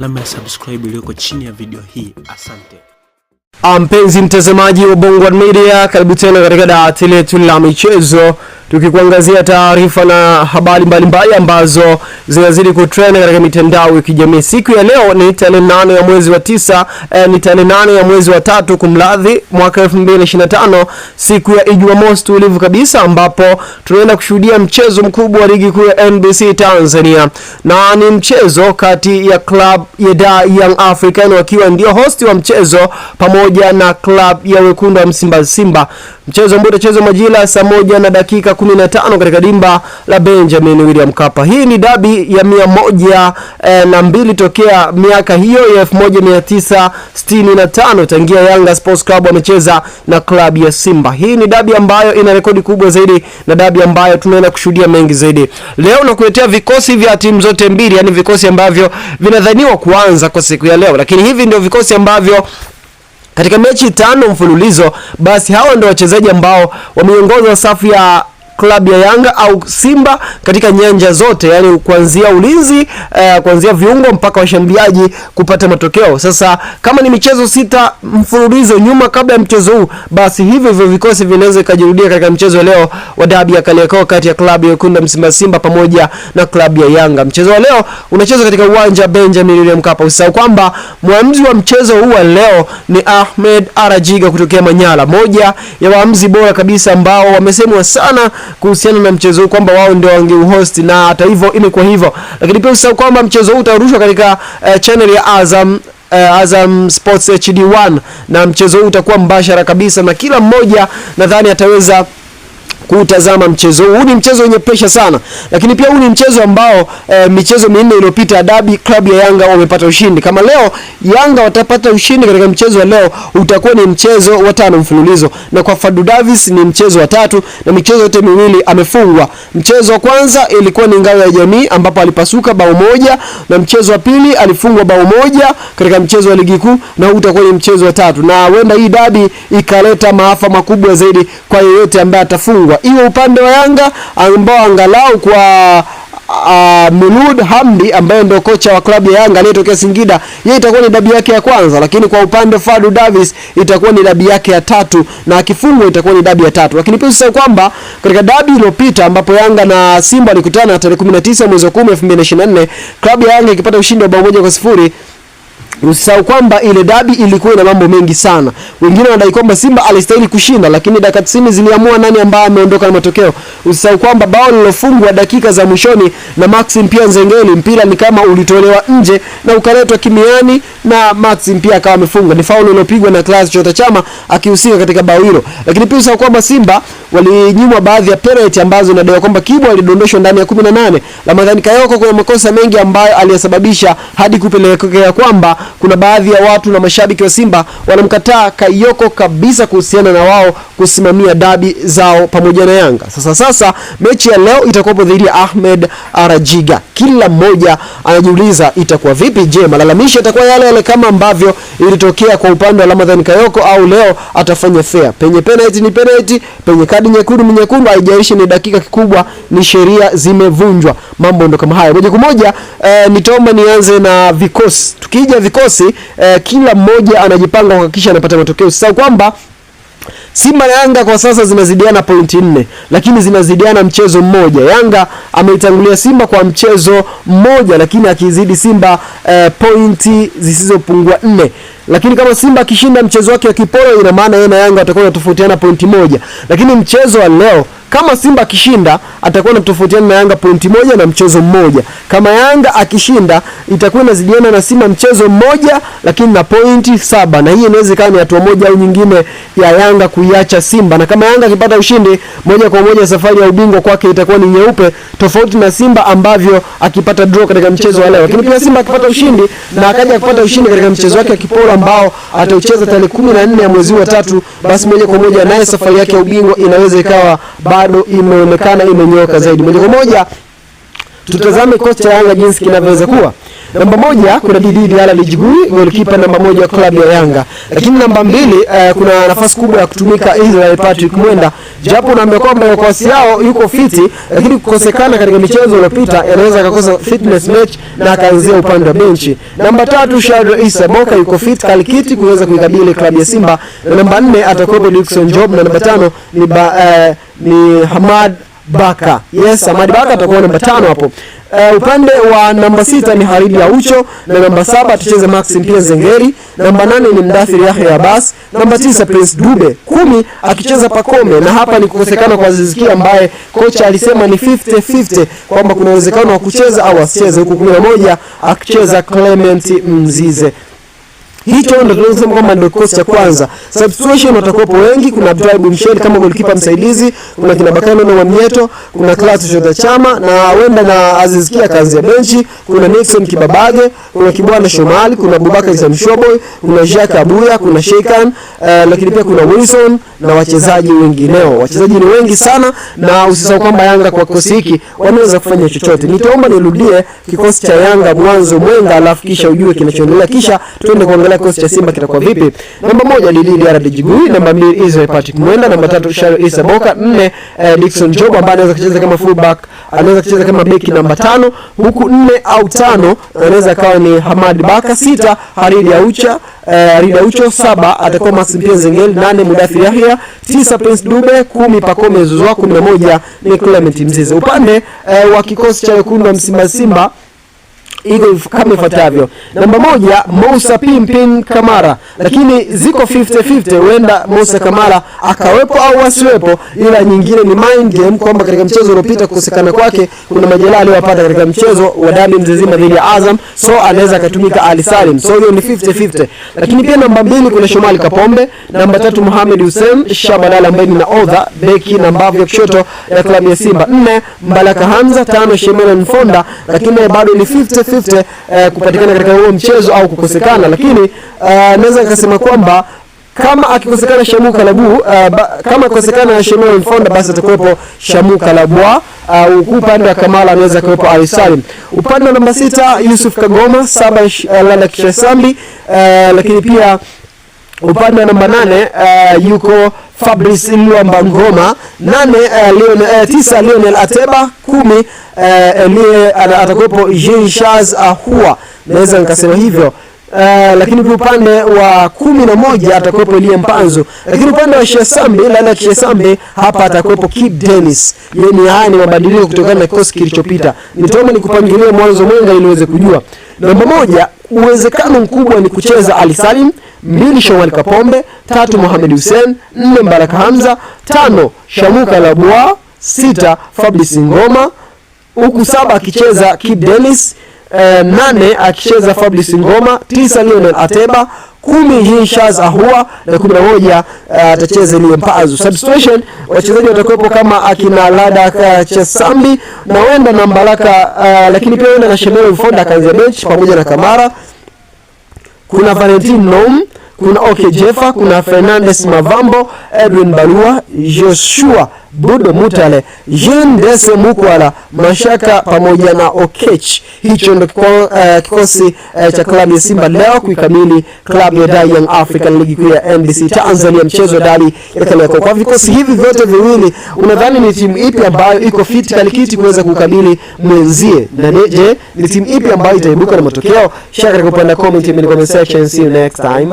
alama ya subscribe iliyoko chini ya video hii. Asante. Ah, mpenzi mtazamaji wa Bongo One Media, karibu tena katika dawati letu la michezo tukikuangazia taarifa na habari mbalimbali ambazo zinazidi kutrend katika mitandao ya kijamii. Siku ya leo ni tarehe nane ya mwezi wa tisa, eh, ni tarehe nane ya mwezi wa tatu kumradhi, mwaka 2025 siku ya Ijumaa mosi tulivu kabisa, ambapo tunaenda kushuhudia mchezo mkubwa wa ligi kuu ya NBC Tanzania, na ni mchezo kati ya club ya da Young African wakiwa ndio host wa mchezo pamoja na club ya wekundu wa Msimba Simba, mchezo ambao utachezwa majira saa moja na dakika 15 katika dimba la Benjamin William Mkapa. Hii ni dabi ya mia moja eh, na mbili tokea miaka hiyo ya 1965 tangia Yanga Sports Club wamecheza na klabu ya Simba. Hii ni dabi ambayo ina rekodi kubwa zaidi na dabi ambayo tunaenda kushuhudia mengi zaidi. Leo nakuletea vikosi vya timu zote mbili, yani vikosi ambavyo vinadhaniwa kuanza kwa siku ya leo, lakini hivi ndio vikosi ambavyo katika mechi tano mfululizo basi hawa ndio wachezaji ambao wameongoza safu ya klabu ya Yanga au Simba katika nyanja zote, yani kuanzia ulinzi uh, kuanzia viungo mpaka washambiaji kupata matokeo. Sasa kama ni michezo sita mfululizo nyuma kabla ya mchezo huu, basi hivyo hivyo vikosi vinaweza kujirudia katika mchezo leo wa dabi ya Kariakoo kati ya klabu ya Kunda Msimba Simba pamoja na klabu ya Yanga. Mchezo wa leo unachezwa katika uwanja Benjamin William Mkapa. Usisahau kwamba mwamuzi wa mchezo huu wa leo ni Ahmed Arajiga kutokea Manyara, moja ya waamuzi bora kabisa ambao wamesemwa sana kuhusiana na mchezo huu kwamba wao ndio wangeuhost, na hata hivyo imekuwa hivyo, lakini pia usisahau kwamba mchezo huu utarushwa katika uh, channel ya Azam Uh, Azam Sports HD1 na mchezo huu utakuwa mbashara kabisa, na kila mmoja nadhani ataweza kuutazama mchezo huu. Ni mchezo wenye presha sana, lakini pia huu ni mchezo ambao e, michezo minne iliyopita dabi klabu ya Yanga wamepata ushindi. Kama leo Yanga watapata ushindi katika mchezo wa leo, utakuwa ni mchezo wa tano mfululizo, na kwa Fadu Davis ni mchezo wa tatu, na michezo yote miwili amefungwa. Mchezo wa kwanza ilikuwa ni ngao ya jamii ambapo alipasuka bao moja, na mchezo wa pili alifungwa bao moja katika mchezo wa ligi kuu, na huu utakuwa ni mchezo wa tatu, na huenda hii dabi ikaleta maafa makubwa zaidi kwa yeyote ambaye atafungwa kubwa, hiyo upande wa Yanga ambao angalau kwa Uh, Mulud Hamdi ambaye ndio kocha wa klabu ya Yanga aliyetokea Singida, yeye itakuwa ni dabi yake ya kwanza, lakini kwa upande Fadu Davis itakuwa ni dabi yake ya tatu na akifungwa itakuwa ni dabi ya tatu. Lakini pia usisahau kwamba katika dabi iliyopita ambapo Yanga na Simba walikutana tarehe 19 mwezi wa 10 2024, klabu ya Yanga ikipata ushindi wa bao moja kwa sifuri Usisahau kwamba ile dabi ilikuwa ina mambo mengi sana. Wengine wanadai kwamba Simba alistahili kushinda, lakini dakika 90 ziliamua nani ambaye ameondoka na matokeo. Usisahau kwamba bao lilofungwa dakika za mwishoni na Maxim pia Nzengeli, mpira ni kama ulitolewa nje na ukaletwa kimiani na Maxim pia akawa amefunga. Ni faulu iliyopigwa na Class Chota Chama akihusika katika bao hilo. Lakini pia usisahau kwamba Simba walinyimwa baadhi ya penalty ambazo inadaiwa kwamba Kibwa alidondoshwa ndani ya 18. Ramadhani Kayoko kuna makosa mengi ambayo aliyasababisha hadi kupelekea kwamba kuna baadhi ya watu na mashabiki wa Simba wanamkataa Kayoko kabisa kuhusiana na wao kusimamia dabi zao pamoja na Yanga. Sasa sasa mechi ya leo itakuwapo dhidi ya Ahmed Arajiga. Kila mmoja anajiuliza itakuwa vipi? Je, malalamisho yatakuwa yale yale kama ambavyo ilitokea kwa upande wa Ramadhan Kayoko au leo atafanya fair? Penye penalty ni penalty, penye kadi nyekundu ni nyekundu, haijalishi ni dakika kikubwa ni sheria zimevunjwa. Mambo ndo kama haya. Moja kwa moja eh, nitaomba nianze na vikosi. Tukija vikosi kikosi eh, kila mmoja anajipanga kuhakikisha anapata matokeo. Sasa kwamba Simba na Yanga kwa sasa zinazidiana pointi nne, lakini zinazidiana mchezo mmoja. Yanga ameitangulia Simba kwa mchezo mmoja, lakini akizidi Simba eh, pointi zisizopungua nne lakini kama Simba akishinda mchezo wake wa kipolo, ina maana yeye na Yanga watakuwa tofautiana pointi moja, lakini mchezo wa leo kama Simba akishinda atakuwa na tofautiana na Yanga pointi moja na mchezo mmoja. Kama Yanga akishinda itakuwa inazidiana na Simba mchezo mmoja lakini na pointi saba, na hii inaweza ikawa ni hatua moja au nyingine ya Yanga kuiacha Simba, na kama Yanga akipata ushindi moja kwa moja safari ya ubingwa kwake itakuwa ni nyeupe, tofauti na Simba ambavyo akipata draw katika mchezo wa leo. Lakini pia Simba akipata ushindi na akaja kupata ushindi katika mchezo wake akipora ambao ataucheza tarehe 14 ya mwezi wa tatu, basi moja kwa moja naye safari yake ya ubingwa inaweza ikawa bado imeonekana imenyoka zaidi. Moja kwa moja tutazame kikosi cha Yanga jinsi kinavyoweza kuwa Namba moja kuna Didi Diala Lijiguri, golikipa namba moja wa klabu ya Yanga. Lakini namba mbili uh, kuna nafasi kubwa ya kutumika Israel Patrick Mwenda, japo naambia kwamba kasi yao yuko fiti, lakini kukosekana katika michezo iliyopita anaweza akakosa fitness match na akaanzia upande wa benchi. Namba tatu Shadra Isa Boka yuko fit kalikiti kuweza kuikabili klabu ya Simba, na namba nne atakuwa Dickson Job, na namba tano ni, ba, uh, ni Hamad Baka. Yes, Samadi Baka atakuwa namba tano hapo. Uh, upande wa namba sita ni Haridi Aucho na namba saba tucheze Max pia Zengeri, namba nane ni Mdathir Yahya Abbas, namba tisa Prince Dube, kumi akicheza Pakome, na hapa ni kukosekana kwa Ziziki ambaye kocha alisema ni 50 50 kwamba kuna uwezekano wa kucheza au asicheze, huku 11 akicheza Clement Mzize. Hicho ndio tunasema kwamba ndio kikosi cha kwanza. Substitution watakuwepo wengi, kuna Abdul Mshel kama golikipa msaidizi, kuna kina Bakano na Wamieto, kuna Clatous Chota Chama na wenda na Aziz Kia kaanzia benchi, kuna Nixon Kibabage, kuna Kibwana Shomali, kuna Abubakar Samshoboy, kuna Jacques Abuya, kuna Sheikhan, uh, eh, lakini pia kuna Wilson na wachezaji wengineo. Wachezaji ni wengi sana na usisahau kwamba Yanga kwa kikosi hiki wanaweza kufanya chochote. Nitaomba nirudie kikosi cha Yanga mwanzo mwenga, alafu kisha ujue kinachoendelea kisha tuende kuangalia na kikosi cha Simba kitakuwa vipi? Namba moja ni Diarra Djigui, namba mbili Israel Patrick Mwenda, namba tatu Shario Issa Boka, nne eh, eh Dickson Job ambaye anaweza kucheza kama fullback, anaweza kucheza kama beki namba tano, huku nne au tano anaweza akawa ni Hamad Baka, sita Haridi Aucha eh, eh Haridi Aucho, saba atakuwa Masimpia Zengeli, nane Mudathir Yahya, tisa Prince Dube, kumi Pacome Zouzoua, kumi na moja ni Clement Mzize. Upande eh, eh, wa kikosi cha wekundu wa Msimba Simba iko kama ifuatavyo. Namba moja, Moussa Pimpin Kamara, lakini ziko 50-50, huenda Moussa Kamara akawepo au asiwepo, ila nyingine ni mind game kwamba katika mchezo uliopita kukosekana kwake kuna majeraha aliyopata katika mchezo wa dabi mzizima dhidi ya Azam, so anaweza akatumika Ali Salim, so hiyo ni 50-50. Lakini pia namba mbili kuna Shomali Kapombe, namba tatu Mohamed Hussein shabalala ambaye ni naodha beki nambavyo ya kushoto ya klabu ya Simba, nne Mbalaka Hamza, tano Shemela Nfonda, lakini bado ni 50, 50 50-50 eh, kupatikana katika huo mchezo au kukosekana, lakini eh, naweza nikasema kwamba kama akikosekana Shamu Kalabu uh, kama akikosekana Shemeo Mfonda basi atakuwepo Shamu Kalabu au eh, uh, upande wa Kamala anaweza kuwepo Ali Salim, upande wa namba sita Yusuf Kagoma, saba uh, Lala Kishasambi uh, lakini pia upande wa namba nane uh, yuko Fabrice Mwamba Ngoma, nane eh, Leon, eh, tisa Lionel Ateba, kumi eh, Elie eh, atakuwepo Jean Charles Ahua, naweza nikasema hivyo. Uh, lakini kwa upande wa kumi na moja atakuwepo Elia Mpanzu, lakini upande wa Shesambi Laila Shesambi hapa atakuwepo Kid Dennis. Yaani haya ni mabadiliko kutokana na kikosi kilichopita. Nitaomba nikupangilie mwanzo mwenga ili uweze kujua. Namba moja, uwezekano mkubwa ni kucheza Ali Salim mbili Shawali Kapombe, tatu Mohamed Hussein, nne Mbaraka Hamza, tano Shamuka Labua, sita Fabrice Ngoma, huku saba akicheza Kid Dennis, eh, nane akicheza Fabrice Ngoma, tisa Lionel Ateba, kumi hii Shaz Ahua na kumi na moja eh, atacheza uh, ile Mpazu. Substitution wachezaji watakuwepo kama akina Lada Chesambi na wenda na Mbaraka eh, lakini pia wenda na Shemelo Mfonda akaanzia bench pamoja na Kamara kuna Valentine nom kuna Oke Jefa, kuna Fernandes Mavambo, Edwin balua Joshua Budo Mutale, Jean Dese Mukwala, Mashaka pamoja na Okech. Hicho ndo eh, kikosi eh, cha klabu ya Simba leo kuikamili klabu ya Dar Young African ligi kuu ya NBC Tanzania, mchezo dali ya Kariakoo. Kwa vikosi hivi vyote viwili, unadhani ni timu ipi ambayo iko fit kalikiti kuweza kukamili mwenzie? Na je, ni timu ipi ambayo itaibuka na matokeo? Shaka katika upande wa comment comment section. See you next time.